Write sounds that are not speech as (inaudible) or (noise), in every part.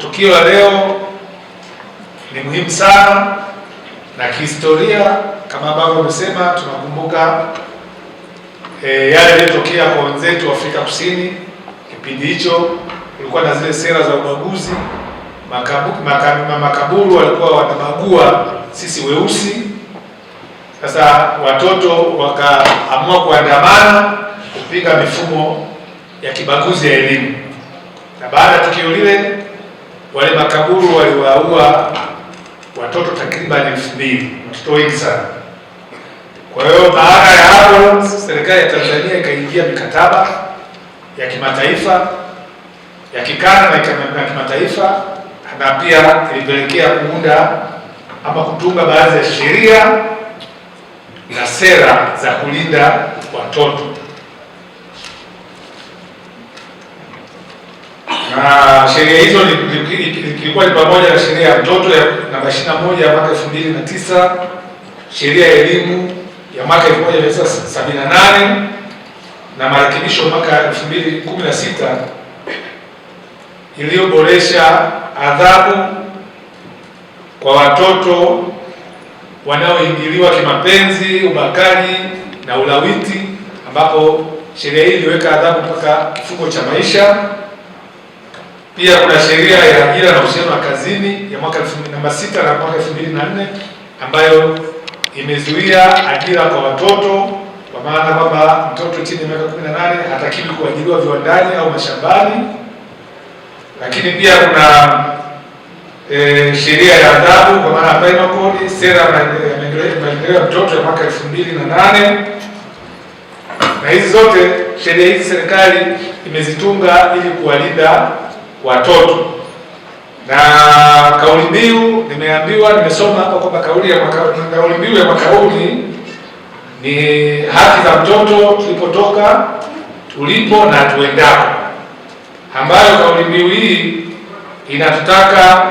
Tukio la leo ni muhimu sana na kihistoria, kama ambavyo amesema, tunakumbuka e, yale yaliyotokea kwa wenzetu Afrika Kusini. Kipindi hicho kulikuwa na zile sera za ubaguzi, makabu, makabu, makaburu walikuwa wanabagua sisi weusi. Sasa watoto wakaamua kuandamana kupinga mifumo ya kibaguzi ya elimu, na baada ya tukio lile wale makaburu waliwaua watoto takriban elfu mbili watoto wengi sana. Kwa hiyo baada ya hapo, serikali ya Tanzania ikaingia mikataba ya kimataifa ya kikanda na kimataifa na pia ilipelekea kuunda ama kutunga baadhi ya sheria na sera za kulinda watoto na sheria hizo ilikuwa ni pamoja na sheria ya mtoto namba ishirini na moja ya mwaka elfu mbili na tisa sheria ya elimu ya mwaka elfu moja mia tisa sabini na nane na marekebisho mwaka elfu mbili kumi na sita iliyoboresha adhabu kwa watoto wanaoingiliwa kimapenzi, ubakaji na ulawiti, ambapo sheria hii iliweka adhabu mpaka kifungo cha maisha pia kuna sheria ya ajira na uhusiano wa kazini ya mwaka namba sita na mwaka elfu mbili na nne ambayo imezuia ajira kwa watoto kwa maana kwamba mtoto chini ya miaka kumi na nane hatakiwi kuajiriwa viwandani au mashambani. Lakini pia kuna e, sheria ya adhabu kwa maana ya penal code, sera ya maendeleo ya mtoto ya mwaka elfu mbili na nane na hizi zote sheria hizi serikali imezitunga ili kuwalinda watoto. Na kauli mbiu nimeambiwa, nimesoma hapa kwamba kauli ya kauli mbiu ya mwaka huu ni haki za mtoto, tulipotoka, tulipo na tuendako, ambayo kauli mbiu hii inatutaka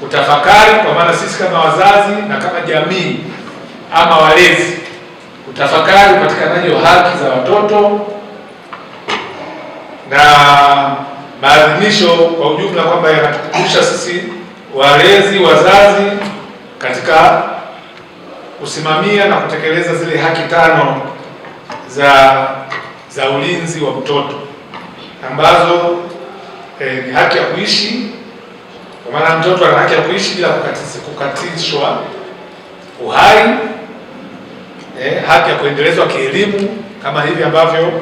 kutafakari, kwa maana sisi kama wazazi na kama jamii ama walezi, kutafakari upatikanaji wa haki za watoto na maadhimisho kwa ujumla kwamba yanatukumbusha sisi walezi, wazazi katika kusimamia na kutekeleza zile haki tano za za ulinzi wa mtoto ambazo eh, ni haki ya kuishi, kwa maana mtoto ana haki ya kuishi bila kukatishwa uhai eh, haki ya kuendelezwa kielimu kama hivi ambavyo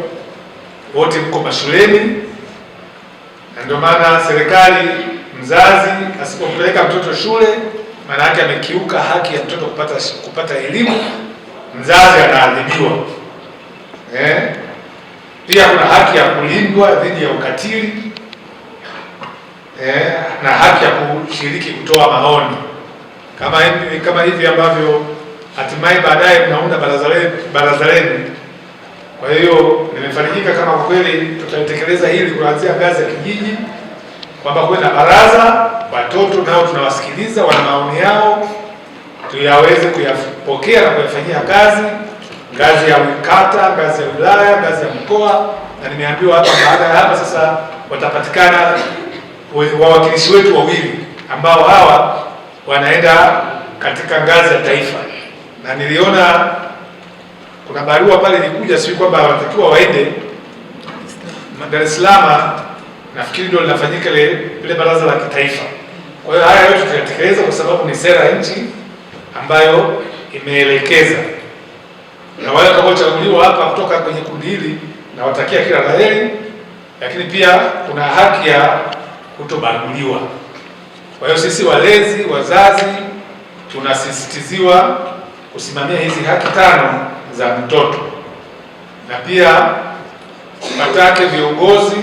wote mko mashuleni na ndio maana serikali, mzazi asipompeleka mtoto shule, maana yake amekiuka haki ya mtoto kupata kupata elimu, mzazi anaadhibiwa. Eh, pia kuna haki ya kulindwa dhidi ya ukatili eh, na haki ya kushiriki kutoa maoni kama hivi kama hivi ambavyo hatimaye baadaye mnaunda baraza lenu kwa hiyo nimefarijika kama kweli tutalitekeleza hili kuanzia ngazi ya kijiji, kwamba kwenda baraza, watoto nao tunawasikiliza, wana maoni yao, tuyaweze kuyapokea na kuyafanyia kazi, ngazi ya kata, ngazi ya wilaya, ngazi ya mkoa, na nimeambiwa hapa baada ya hapa sasa watapatikana wawakilishi wetu wawili ambao hawa wanaenda katika ngazi ya taifa na niliona kuna barua pale ilikuja, si kwamba wanatakiwa waende Dar es Salaam, nafikiri ndio linafanyika ile ile baraza la kitaifa. Kwa hiyo haya yote tunatekeleza kwa sababu ni sera ya nchi ambayo imeelekeza, na wale watakaochaguliwa hapa kutoka kwenye kundi hili nawatakia kila la heri, lakini pia kuna haki ya kutobaguliwa. Kwa hiyo sisi walezi, wazazi tunasisitiziwa kusimamia hizi haki tano za mtoto, na pia patake viongozi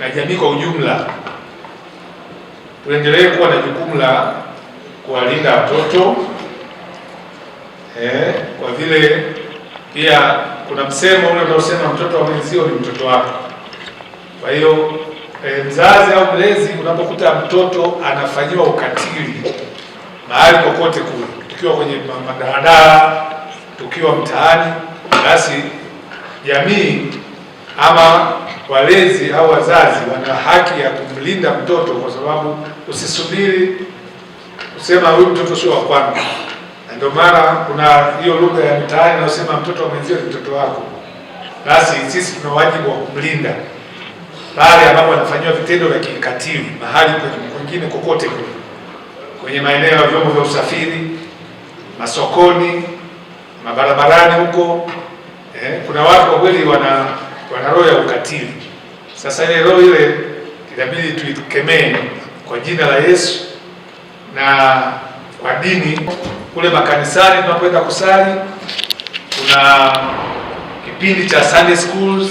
na jamii kwa ujumla tuendelee kuwa na jukumu la kuwalinda watoto eh, kwa vile pia kuna msemo ule unaosema mtoto wa mwenzio ni mtoto wako. Kwa hiyo eh, mzazi au mlezi unapokuta mtoto anafanyiwa ukatili mahali popote kule, tukiwa kwenye madaladala tukiwa mtaani, basi jamii ama walezi au wazazi wana haki ya kumlinda mtoto, kwa sababu usisubiri kusema huyu mtoto sio wa kwangu. Ndio maana kuna hiyo lugha ya mtaani inayosema mtoto wa mwenzio ni mtoto wako. Basi sisi tuna wajibu wa kumlinda pale ambapo anafanyiwa vitendo vya kikatili mahali kwengine kokote kule, kwenye maeneo ya vyombo vya usafiri, masokoni mabarabarani huko eh, kuna watu kweli wana wana roho ya ukatili. Sasa ile roho ile inabidi tuikemee kwa jina la Yesu na kwa dini. Kule makanisani tunapoenda kusali, kuna kipindi cha Sunday schools,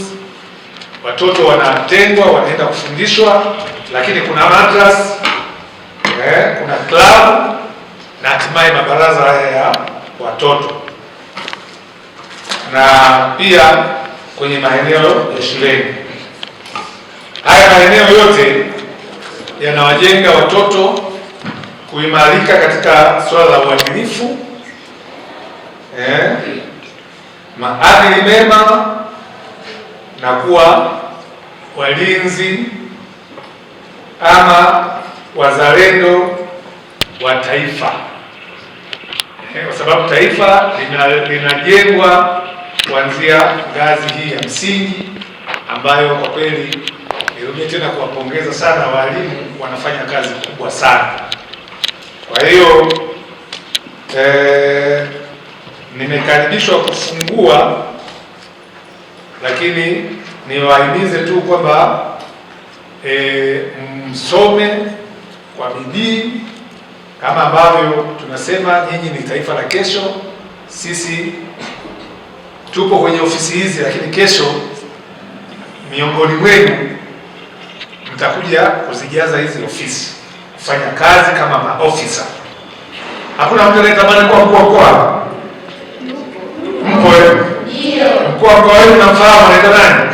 watoto wanatengwa wanaenda kufundishwa, lakini kuna madras eh, kuna club na hatimaye mabaraza haya ya watoto na pia kwenye maeneo ya shuleni. Haya maeneo yote yanawajenga watoto kuimarika katika swala la uadilifu, eh, maadili mema na kuwa walinzi ama wazalendo wa taifa, eh, kwa eh, sababu taifa linajengwa kuanzia ngazi hii ya msingi ambayo kwa kweli nirudie tena kuwapongeza sana walimu, wanafanya kazi kubwa sana. Kwa hiyo eh, nimekaribishwa kufungua, lakini niwahimize tu kwamba eh, msome kwa bidii kama ambavyo tunasema nyinyi ni taifa la kesho. Sisi tupo kwenye ofisi hizi, lakini kesho miongoni mwenu mtakuja kuzijaza hizi ofisi kufanya kazi kama maofisa. Hakuna mtu anayetamani kuwa mkuu wa mkoa? Mpo mkuu wa mkoa wenu namfahamu, anaitwa nani?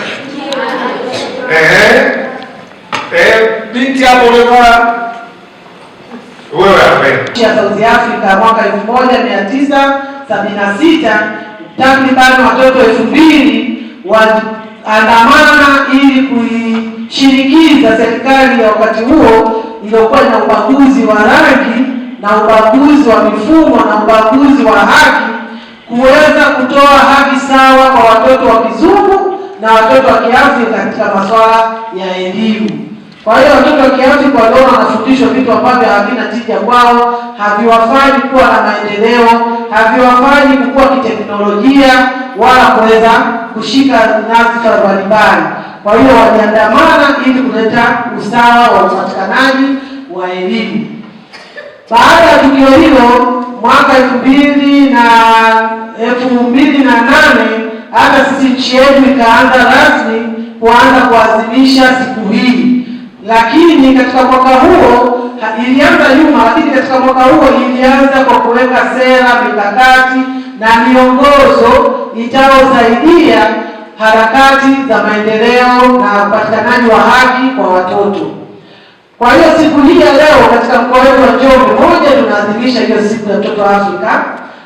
Eh, binti hapo umevaa wewe, Afrika mwaka elfu moja mia tisa sabini na sita takriban watoto elfu mbili waandamana ili kuishinikiza serikali ya wakati huo iliyokuwa na ubaguzi wa rangi na ubaguzi wa mifumo na ubaguzi wa haki kuweza kutoa haki sawa kwa watoto wa kizungu na watoto wa kiafrika katika masuala ya elimu. Kwa hiyo watoto wa kiafrika waliona wanafundishwa vitu ambavyo havina tija kwao, haviwafai kuwa na maendeleo haviwafanyi kukua kiteknolojia wala kuweza kushika nafsa mbalimbali. Kwa hiyo waliandamana ili kuleta usawa wa upatikanaji wa elimu. Baada ya tukio hilo mwaka elfu mbili na elfu mbili na nane hata sisi nchi yetu ikaanza rasmi kuanza kuadhimisha siku hii lakini katika mwaka huo ilianza nyuma, lakini katika mwaka huo ilianza kwa kuweka sera, mikakati na miongozo itayosaidia harakati za maendeleo na upatikanaji wa haki kwa watoto. Kwa hiyo siku hii ya leo katika mkoa wetu wa Njombe, moja, tunaadhimisha hiyo siku ya mtoto Afrika,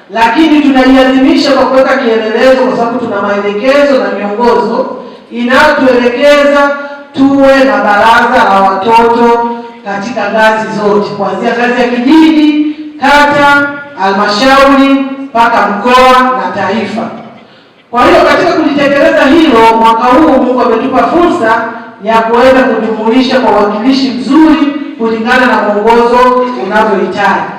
lakini tunaiadhimisha kwa kuweka kielelezo, kwa sababu tuna maelekezo na miongozo inayotuelekeza tuwe na baraza la watoto katika ngazi zote, kuanzia ngazi ya kijiji, kata, halmashauri mpaka mkoa na taifa. Kwa hiyo katika kulitekeleza hilo, mwaka huu Mungu ametupa fursa ya kuweza kujumuisha kwa uwakilishi mzuri kulingana na mwongozo unavyohitaji.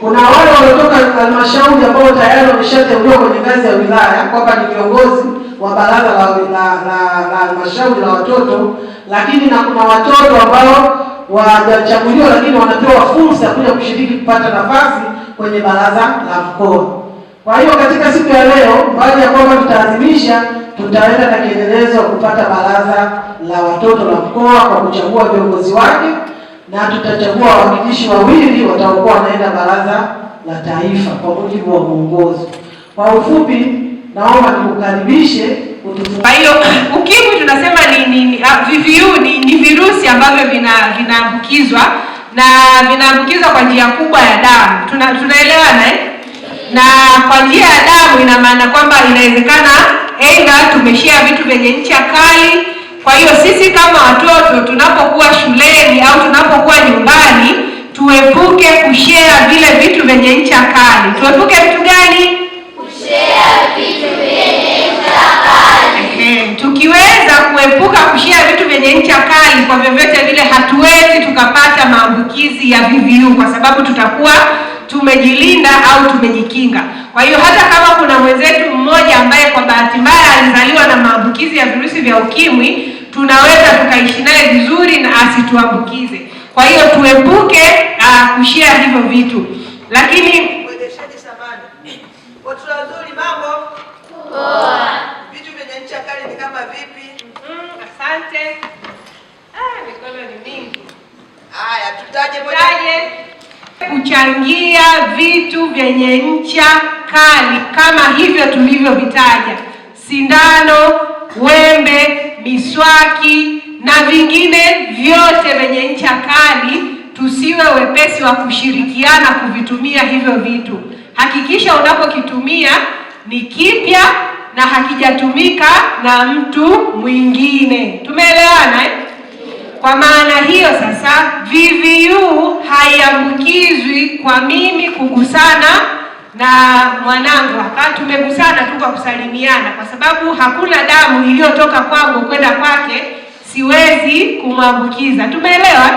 Kuna wale waliotoka halmashauri ambao tayari wameshateuliwa kwenye ngazi ya wilaya kwamba ni viongozi wa baraza la halmashauri la watoto, lakini na kuna watoto ambao wajachaguliwa lakini wanapewa fursa ya kuja kushiriki kupata nafasi kwenye baraza la mkoa. Kwa hiyo katika siku ya leo, baada ya kwamba tutaadhimisha, tutaenda na kielelezo kupata baraza la watoto la mkoa kwa kuchagua viongozi wake na tutachagua wawakilishi wawili watakuwa wanaenda baraza la taifa kwa mujibu wa mwongozo. Kwa ufupi, naomba nikukaribishe. Kwa hiyo (clears throat) ukimwi tunasema ni, ni, ni, VVU ni, ni virusi ambavyo vinaambukizwa na vinaambukizwa kwa njia kubwa ya damu. Tuna, tunaelewana eh? na kwa njia ya damu ina maana kwamba inawezekana aidha tumeshia vitu vyenye ncha kali kwa hiyo sisi kama watoto tunapokuwa shuleni au tunapokuwa nyumbani, tuepuke kushare vile vitu vyenye ncha kali. Tuepuke vitu gani? Kushare vitu vyenye ncha kali. Tukiweza kuepuka kushare vitu vyenye ncha kali, kwa vyovyote vile hatuwezi tukapata maambukizi ya VVU kwa sababu tutakuwa tumejilinda au tumejikinga. Kwa hiyo hata kama kuna mwenzetu mmoja ambaye kwa bahati mbaya alizaliwa na maambukizi ya virusi vya ukimwi tunaweza tukaishi naye vizuri na asituambukize. Kwa hiyo tuepuke uh, ah, kushia hivyo vitu, lakini watu wazuri, mambo poa. Vitu vyenye ncha kali ni kama vipi? Mm, asante. Ah, mikono ni mingi. Haya, tutaje Kuchangia vitu vyenye ncha kali kama hivyo tulivyovitaja: sindano, wembe miswaki na vingine vyote vyenye ncha kali, tusiwe wepesi wa kushirikiana kuvitumia hivyo vitu. Hakikisha unapokitumia ni kipya na hakijatumika na mtu mwingine. Tumeelewana eh? Kwa maana hiyo sasa, VVU haiambukizwi kwa mimi kugusana na mwanangu akawa tumegusana tu kwa kusalimiana, kwa sababu hakuna damu iliyotoka kwangu kwenda kwake, siwezi kumwambukiza. Tumeelewa?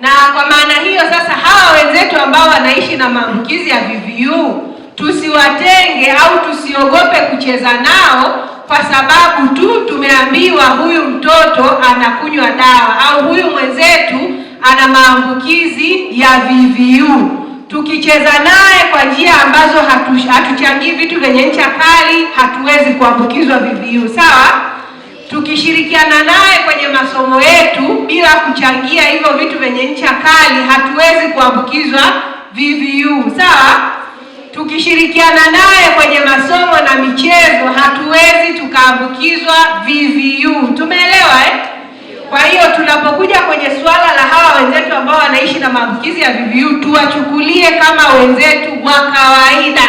Na kwa maana hiyo sasa, hawa wenzetu ambao wanaishi na maambukizi ya VVU tusiwatenge au tusiogope kucheza nao, kwa sababu tu tumeambiwa huyu mtoto anakunywa dawa au huyu mwenzetu ana maambukizi ya VVU tukicheza naye kwa njia ambazo hatuchangii vitu vyenye ncha kali, hatuwezi kuambukizwa VVU, sawa? Tukishirikiana naye kwenye masomo yetu bila kuchangia hivyo vitu vyenye ncha kali, hatuwezi kuambukizwa VVU, sawa? Tukishirikiana naye kwenye masomo na michezo, hatuwezi tukaambukizwa VVU. Tumeelewa eh? Kwa hiyo tunapokuja kwenye suala la hawa wenzetu ambao wanaishi na maambukizi ya VVU, tuwachukulie kama wenzetu wa kawaida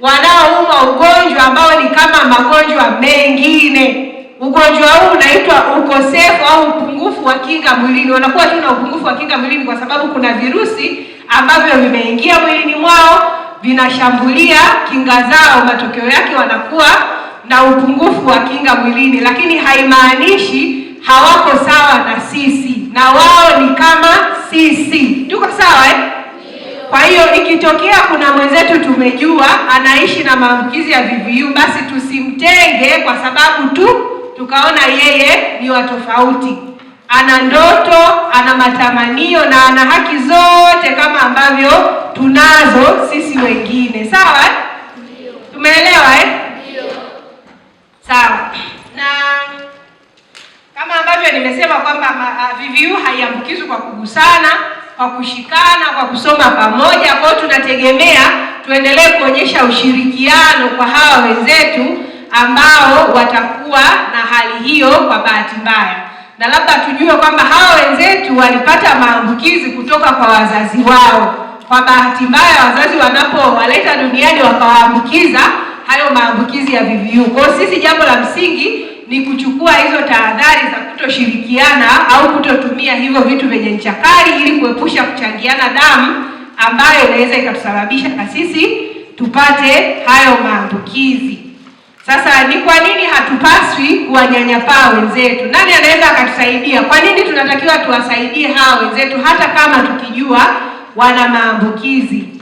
wanaouma ugonjwa ambao ni kama magonjwa mengine. Ugonjwa huu unaitwa ukosefu au upungufu wa kinga mwilini. Wanakuwa tu na upungufu wa kinga mwilini kwa sababu kuna virusi ambavyo vimeingia mwilini mwao, vinashambulia kinga zao, matokeo yake wanakuwa na upungufu wa kinga mwilini, lakini haimaanishi hawako sawa na sisi, na wao ni kama sisi. Tuko sawa eh? Kwa hiyo ikitokea kuna mwenzetu tumejua anaishi na maambukizi ya VVU, basi tusimtenge kwa sababu tu tukaona yeye ni wa tofauti. Ana ndoto, ana matamanio na ana haki zote kama ambavyo tunazo sisi wengine. Sawa eh? Tumeelewa eh? Sawa na kama ambavyo nimesema kwamba VVU haiambukizwi kwa kugusana, kwa kushikana, kwa kusoma pamoja. Kwao tunategemea tuendelee kuonyesha ushirikiano kwa hawa wenzetu ambao watakuwa na hali hiyo kwa bahati mbaya, na labda tujue kwamba hawa wenzetu walipata maambukizi kutoka kwa wazazi wao. Kwa bahati mbaya, wazazi wanapowaleta duniani wakawaambukiza hayo maambukizi ya VVU. Kwa sisi, jambo la msingi ni kuchukua hizo tahadhari za kutoshirikiana au kutotumia hivyo vitu vyenye ncha kali ili kuepusha kuchangiana damu ambayo inaweza ikatusababisha na sisi tupate hayo maambukizi. Sasa ni kwa nini hatupaswi kuwanyanyapaa wenzetu? Nani anaweza akatusaidia? Kwa nini tunatakiwa tuwasaidie hawa wenzetu hata kama tukijua wana maambukizi?